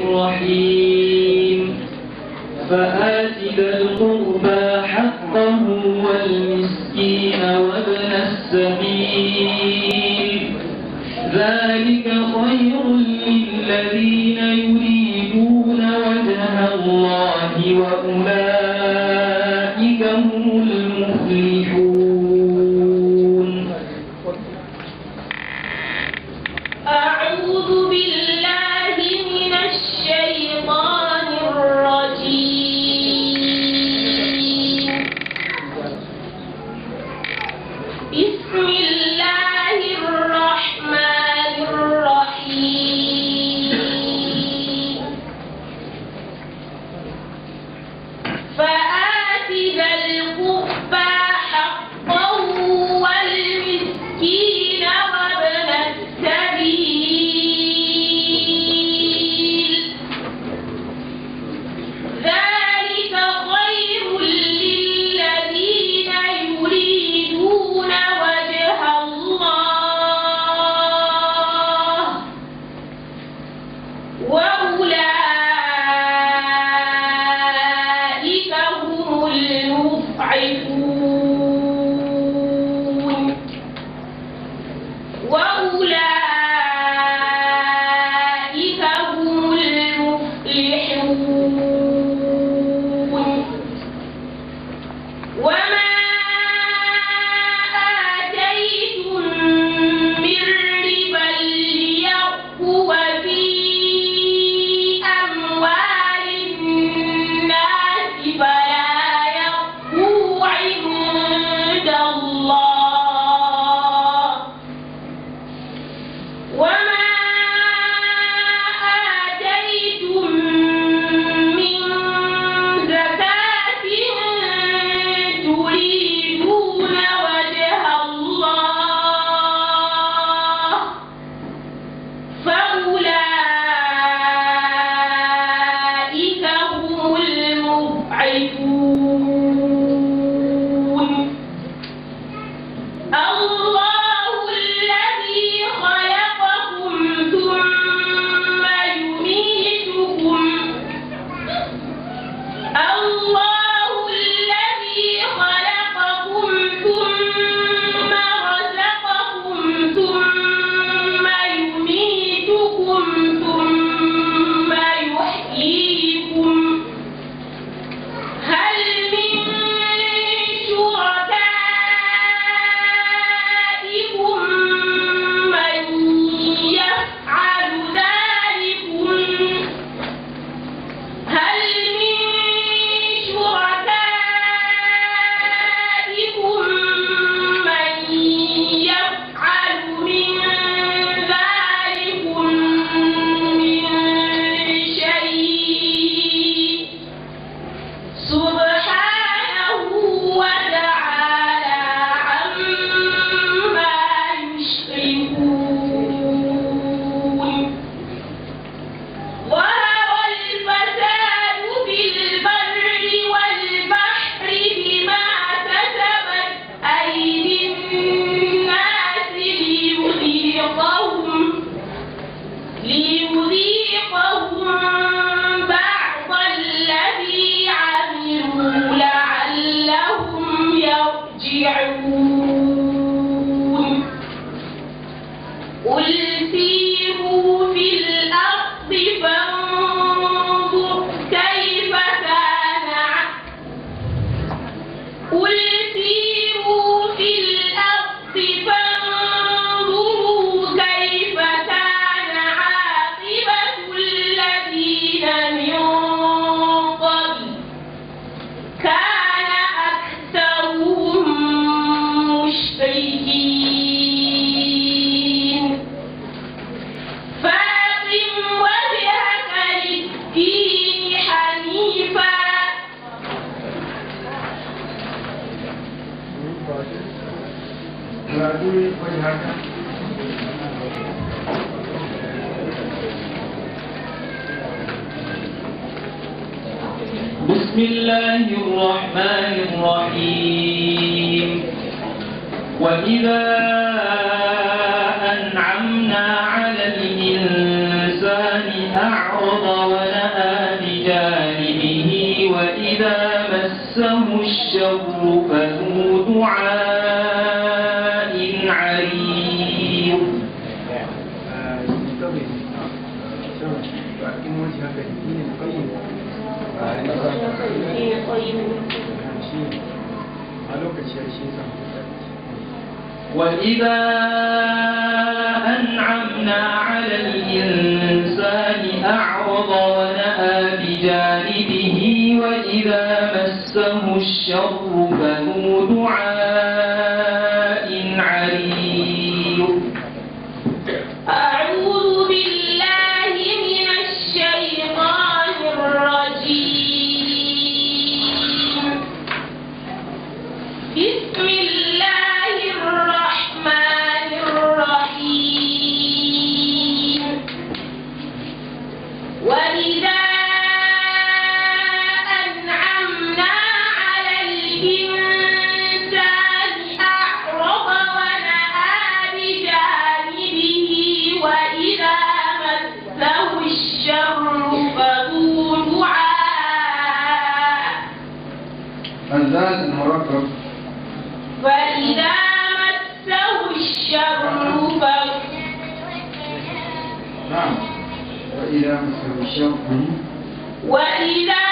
الرحيم فآت ذا القربى حقه والمسكين وابن السبيل ذلك خير للذين يريدون وجه الله وأولئك بسم الله الرحمن الرحيم وإذا وإذا أنعمنا على الإنسان أعرض ونأى بجانبه وإذا مسه الشر فهو دعاء الزلزال المركب وإذا مسه الشر ف... نعم وإذا مسه الشر وإذا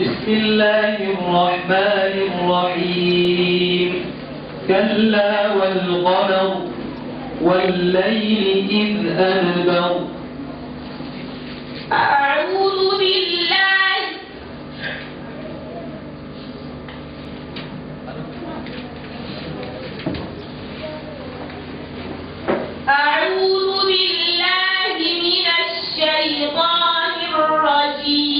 بسم الله الرحمن الرحيم كلا والقمر والليل إذ أنبر أعوذ بالله أعوذ بالله من الشيطان الرجيم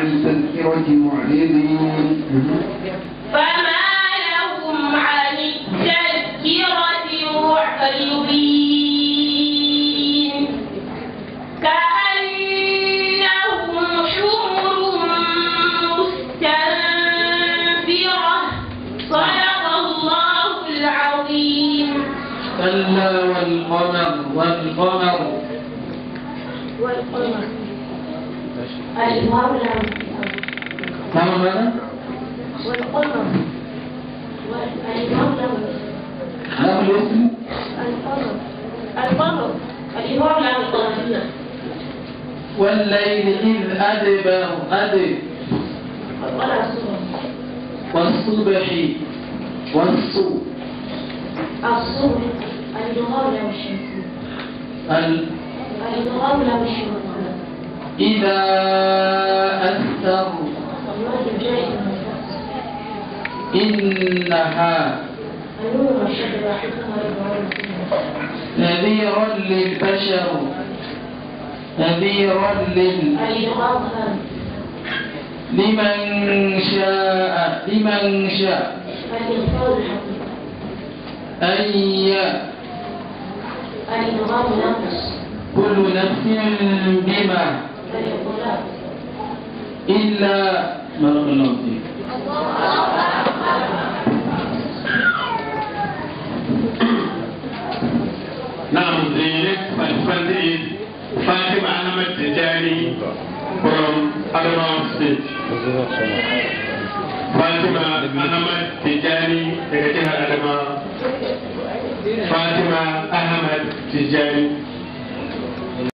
عن تذكرة معرضين فما لهم عن التذكرة معرضين كأنهم حمر مستنفرة صدق الله العظيم كلا والقمر والقمر الإمام نعم والليل إذ أدبر أدب والصبح والصبح الصبح الإمام نعم الشمس الإمام نعم الشمس إذا أثر إنها نذيرا للبشر نذيرا لل لمن شاء لمن شاء أي كل نفس بما إلا ما رغبنا فيه نعم زينك فالفلدين فاتي معنا مجداني برم أدرام سيد فاتمة أنا تجاني تجاني فاتمة أحمد تجاني